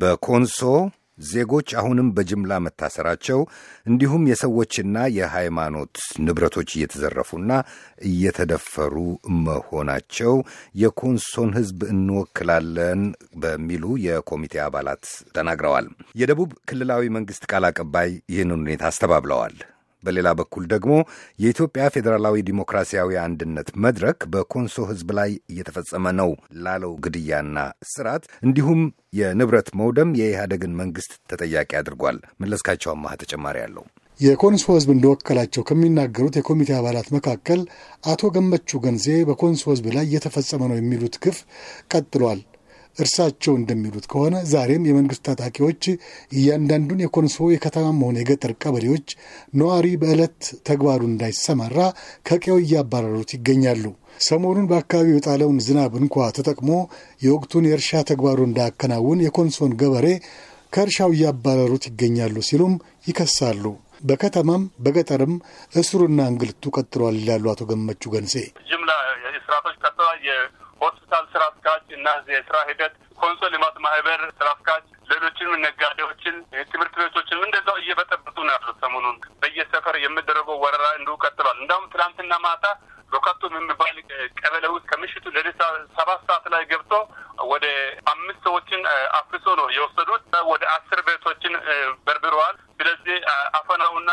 በኮንሶ ዜጎች አሁንም በጅምላ መታሰራቸው እንዲሁም የሰዎችና የሃይማኖት ንብረቶች እየተዘረፉና እየተደፈሩ መሆናቸው የኮንሶን ሕዝብ እንወክላለን በሚሉ የኮሚቴ አባላት ተናግረዋል። የደቡብ ክልላዊ መንግስት ቃል አቀባይ ይህንን ሁኔታ አስተባብለዋል። በሌላ በኩል ደግሞ የኢትዮጵያ ፌዴራላዊ ዲሞክራሲያዊ አንድነት መድረክ በኮንሶ ሕዝብ ላይ እየተፈጸመ ነው ላለው ግድያና ስርዓት እንዲሁም የንብረት መውደም የኢህአደግን መንግስት ተጠያቂ አድርጓል። መለስካቸው አማሃ ተጨማሪ አለው። የኮንሶ ህዝብ እንደወከላቸው ከሚናገሩት የኮሚቴ አባላት መካከል አቶ ገመቹ ገንዜ በኮንሶ ህዝብ ላይ እየተፈጸመ ነው የሚሉት ግፍ ቀጥሏል እርሳቸው እንደሚሉት ከሆነ ዛሬም የመንግስት ታጣቂዎች እያንዳንዱን የኮንሶ የከተማም ሆነ የገጠር ቀበሌዎች ነዋሪ በዕለት ተግባሩ እንዳይሰማራ ከቀው እያባረሩት ይገኛሉ። ሰሞኑን በአካባቢው የጣለውን ዝናብ እንኳ ተጠቅሞ የወቅቱን የእርሻ ተግባሩ እንዳያከናውን የኮንሶን ገበሬ ከእርሻው እያባረሩት ይገኛሉ ሲሉም ይከሳሉ። በከተማም በገጠርም እስሩና እንግልቱ ቀጥሏል ይላሉ አቶ ገመቹ ገንሴ። ጅምላ ስራቶች ቀጥሏል። የሆት እና የስራ ሂደት ኮንሶ ልማት ማህበር ስራ አስኪያጅ፣ ሌሎችንም ነጋዴዎችን፣ ትምህርት ቤቶችን እንደዛው እየበጠበጡ ነው ያሉት። ሰሞኑን በየሰፈር የሚደረገው ወረራ እንዲሁ ቀጥሏል። እንዳሁም ትናንትና ማታ በካቶ የሚባል ቀበሌ ውስጥ ከምሽቱ ለሌሳ ሰባት ሰዓት ላይ ገብቶ ወደ አምስት ሰዎችን አፍሶ ነው የወሰዱት። ወደ አስር ቤቶችን በርብረዋል። ስለዚህ አፈናውና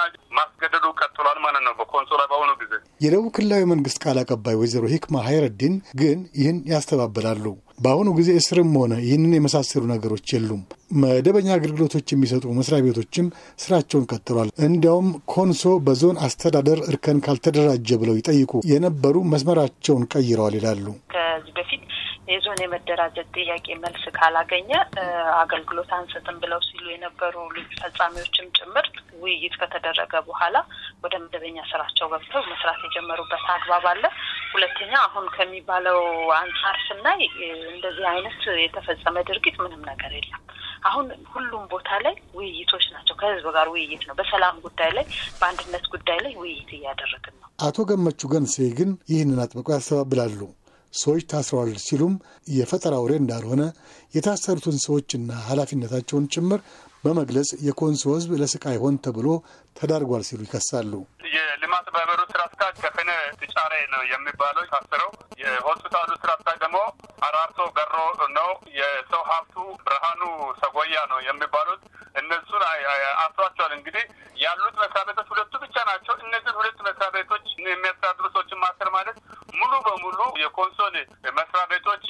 የደቡብ ክልላዊ መንግስት ቃል አቀባይ ወይዘሮ ሂክማ ሀይረዲን ግን ይህን ያስተባብላሉ በአሁኑ ጊዜ እስርም ሆነ ይህንን የመሳሰሉ ነገሮች የሉም። መደበኛ አገልግሎቶች የሚሰጡ መስሪያ ቤቶችም ስራቸውን ቀጥሏል። እንዲያውም ኮንሶ በዞን አስተዳደር እርከን ካልተደራጀ ብለው ይጠይቁ የነበሩ መስመራቸውን ቀይረዋል ይላሉ። ከዚህ በፊት የዞን የመደራጀት ጥያቄ መልስ ካላገኘ አገልግሎት አንሰጥም ብለው ሲሉ የነበሩ ልዩ ፈጻሚዎችም ጭምር ውይይት ከተደረገ በኋላ ወደ መደበኛ ስራቸው ገብተው መስራት የጀመሩበት አግባብ አለ። ሁለተኛ አሁን ከሚባለው አንጻር ስናይ እንደዚህ አይነት የተፈጸመ ድርጊት ምንም ነገር የለም። አሁን ሁሉም ቦታ ላይ ውይይቶች ናቸው። ከህዝብ ጋር ውይይት ነው። በሰላም ጉዳይ ላይ፣ በአንድነት ጉዳይ ላይ ውይይት እያደረግን ነው። አቶ ገመቹ ገንሴ ግን ይህንን አጥብቀው ያስተባብላሉ። ሰዎች ታስረዋል ሲሉም የፈጠራ ወሬ እንዳልሆነ የታሰሩትን ሰዎችና ኃላፊነታቸውን ጭምር በመግለጽ የኮንሶ ሕዝብ ለስቃይ ሆን ተብሎ ተዳርጓል ሲሉ ይከሳሉ። የልማት ማህበሩ ስራ አስኪያጅ ከፍነ ትጫሬ ነው የሚባለው ታስረው፣ የሆስፒታሉ ስራ አስኪያጅ ደግሞ አራርሶ በሮ ነው። የሰው ሀብቱ ብርሃኑ ሰጎያ ነው የሚባሉት እነሱን አስሯቸዋል። እንግዲህ ያሉት መስሪያ ቤቶች ሁለቱ ብቻ ናቸው። እነዚህን ሁለት መስሪያ ቤቶች የሚያስተዳድሩ ሰዎችን ሁሉ የኮንሶን መስሪያ ቤቶች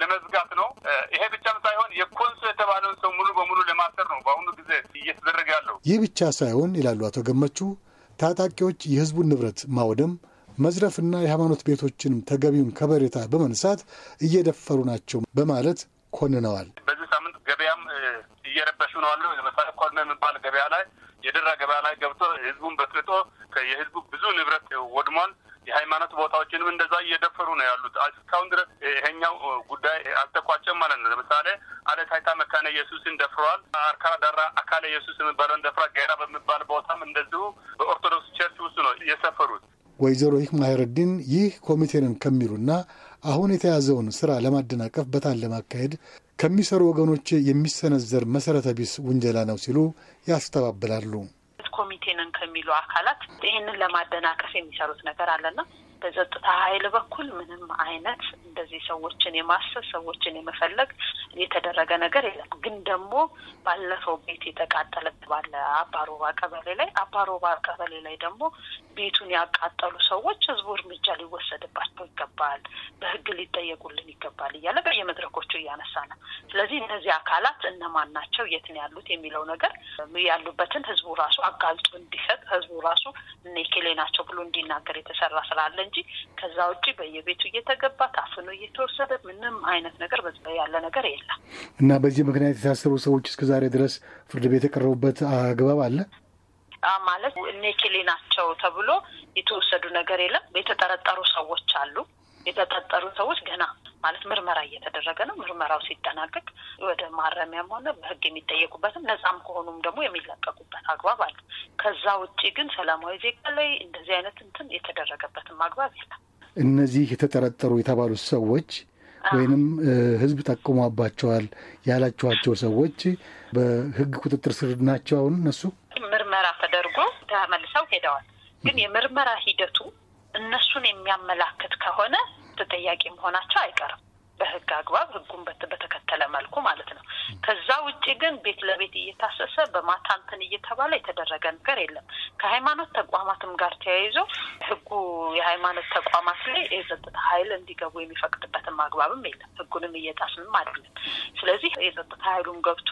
ለመዝጋት ነው። ይሄ ብቻም ሳይሆን የኮንሶ የተባለውን ሰው ሙሉ በሙሉ ለማሰር ነው በአሁኑ ጊዜ እየተደረገ ያለው። ይህ ብቻ ሳይሆን ይላሉ አቶ ገመቹ፣ ታጣቂዎች የህዝቡን ንብረት ማውደም መዝረፍና የሃይማኖት ቤቶችንም ተገቢውን ከበሬታ በመንሳት እየደፈሩ ናቸው በማለት ኮንነዋል። በዚህ ሳምንት ገበያም እየረበሹ ነው አለ ለምሳሌ ኮልሜ የሚባል ገበያ ላይ የደራ ገበያ ላይ ገብቶ ህዝቡን በትርጦ የህዝቡ ብዙ ንብረት ወድሟል። የሃይማኖት ቦታዎችንም እንደዛ እየደፈሩ ነው ያሉት። እስካሁን ድረስ ይሄኛው ጉዳይ አልተኳቸም ማለት ነው። ለምሳሌ ታይታ መካነ ኢየሱስን ደፍረዋል። አርካ ዳራ አካለ ኢየሱስ የሚባለውን ደፍራ ጋራ በሚባል ቦታም እንደዚሁ በኦርቶዶክስ ቸርች ውስጥ ነው የሰፈሩት። ወይዘሮ ሂክማ ሀይረዲን ይህ ኮሚቴንን ከሚሉና አሁን የተያዘውን ስራ ለማደናቀፍ በታን ለማካሄድ ከሚሰሩ ወገኖች የሚሰነዘር መሰረተ ቢስ ውንጀላ ነው ሲሉ ያስተባብላሉ። ኮሚቴ ነን ከሚሉ አካላት ይህንን ለማደናቀፍ የሚሰሩት ነገር አለና በጸጥታ ኃይል በኩል ምንም አይነት እንደዚህ ሰዎችን የማሰብ ሰዎችን የመፈለግ የተደረገ ነገር የለም። ግን ደግሞ ባለፈው ቤት የተቃጠለ ባለ አባሮባ ቀበሌ ላይ አባሮባ ቀበሌ ላይ ደግሞ ቤቱን ያቃጠሉ ሰዎች ህዝቡ እርምጃ ሊወሰድ ይገባል፣ በህግ ሊጠየቁልን ይገባል እያለ በየመድረኮቹ እያነሳ ነው። ስለዚህ እነዚህ አካላት እነማን ናቸው፣ የት ነው ያሉት የሚለው ነገር ያሉበትን ህዝቡ ራሱ አጋልጦ እንዲሰጥ ህዝቡ ራሱ እነ እከሌ ናቸው ብሎ እንዲናገር የተሰራ ስላለ እንጂ ከዛ ውጭ በየቤቱ እየተገባ ታፍኖ እየተወሰደ ምንም አይነት ነገር ያለ ነገር የለም እና በዚህ ምክንያት የታሰሩ ሰዎች እስከዛሬ ድረስ ፍርድ ቤት የቀረቡበት አግባብ አለ ማለት እኔ ኬሌ ናቸው ተብሎ የተወሰዱ ነገር የለም። የተጠረጠሩ ሰዎች አሉ። የተጠጠሩ ሰዎች ገና ማለት ምርመራ እየተደረገ ነው። ምርመራው ሲጠናቀቅ ወደ ማረሚያም ሆነ በህግ የሚጠየቁበትም ነጻም ከሆኑም ደግሞ የሚለቀቁበት አግባብ አለ። ከዛ ውጭ ግን ሰላማዊ ዜጋ ላይ እንደዚህ አይነት እንትን የተደረገበትም አግባብ የለም። እነዚህ የተጠረጠሩ የተባሉት ሰዎች ወይንም ህዝብ ጠቁሟባቸዋል ያላችኋቸው ሰዎች በህግ ቁጥጥር ስር ናቸው። አሁን እነሱ ምርመራ ተደርጎ ተመልሰው ሄደዋል። ግን የምርመራ ሂደቱ እነሱን የሚያመላክት ከሆነ ተጠያቂ መሆናቸው አይቀርም። በህግ አግባብ ህጉን በተከተለ መልኩ ማለት ነው። ከዛ ውጭ ግን ቤት ለቤት እየታሰሰ በማታ እንትን እየተባለ የተደረገ ነገር የለም። ከሃይማኖት ተቋማትም ጋር ተያይዞ ህጉ የሃይማኖት ተቋማት ላይ የጸጥታ ኃይል እንዲገቡ የሚፈቅድበትም አግባብም የለም። ህጉንም እየጣስንም አይደለም። ስለዚህ የጸጥታ ኃይሉም ገብቶ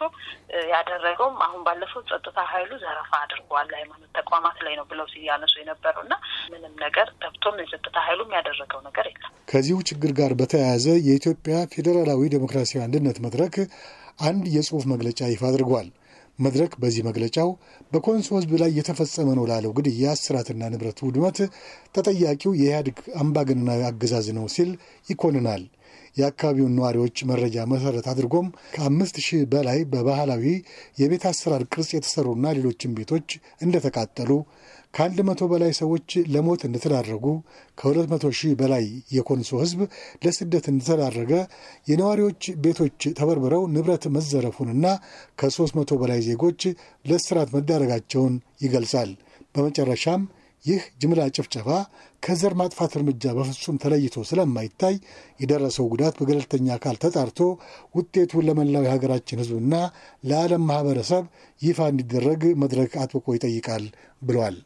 ያደረገውም አሁን ባለፈው ጸጥታ ኃይሉ ዘረፋ አድርጓል ሃይማኖት ተቋማት ላይ ነው ብለው ሲያነሱ የነበረው እና ምንም ነገር ገብቶም የጸጥታ ኃይሉም ያደረገው ነገር የለም። ከዚሁ ችግር ጋር በተያያዘ የኢትዮጵያ ፌዴራላዊ ዴሞክራሲያዊ አንድነት መድረክ አንድ የጽሑፍ መግለጫ ይፋ አድርጓል። መድረክ በዚህ መግለጫው በኮንሶ ሕዝብ ላይ የተፈጸመ ነው ላለው ግድያ፣ እስራትና ንብረት ውድመት ተጠያቂው የኢህአዴግ አምባገነናዊ አገዛዝ ነው ሲል ይኮንናል። የአካባቢውን ነዋሪዎች መረጃ መሰረት አድርጎም ከአምስት ሺህ በላይ በባህላዊ የቤት አሰራር ቅርጽ የተሰሩና ሌሎችም ቤቶች እንደተቃጠሉ ከአንድ መቶ በላይ ሰዎች ለሞት እንደተዳረጉ ከሁለት መቶ ሺህ በላይ የኮንሶ ሕዝብ ለስደት እንደተዳረገ የነዋሪዎች ቤቶች ተበርብረው ንብረት መዘረፉንና ከሦስት መቶ በላይ ዜጎች ለእስራት መዳረጋቸውን ይገልጻል። በመጨረሻም ይህ ጅምላ ጭፍጨፋ ከዘር ማጥፋት እርምጃ በፍጹም ተለይቶ ስለማይታይ የደረሰው ጉዳት በገለልተኛ አካል ተጣርቶ ውጤቱ ለመላው የሀገራችን ሕዝብና ለዓለም ማህበረሰብ ይፋ እንዲደረግ መድረክ አጥብቆ ይጠይቃል ብሏል።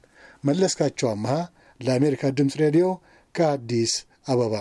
መለስካቸው አመሃ ለአሜሪካ ድምፅ ሬዲዮ ከአዲስ አበባ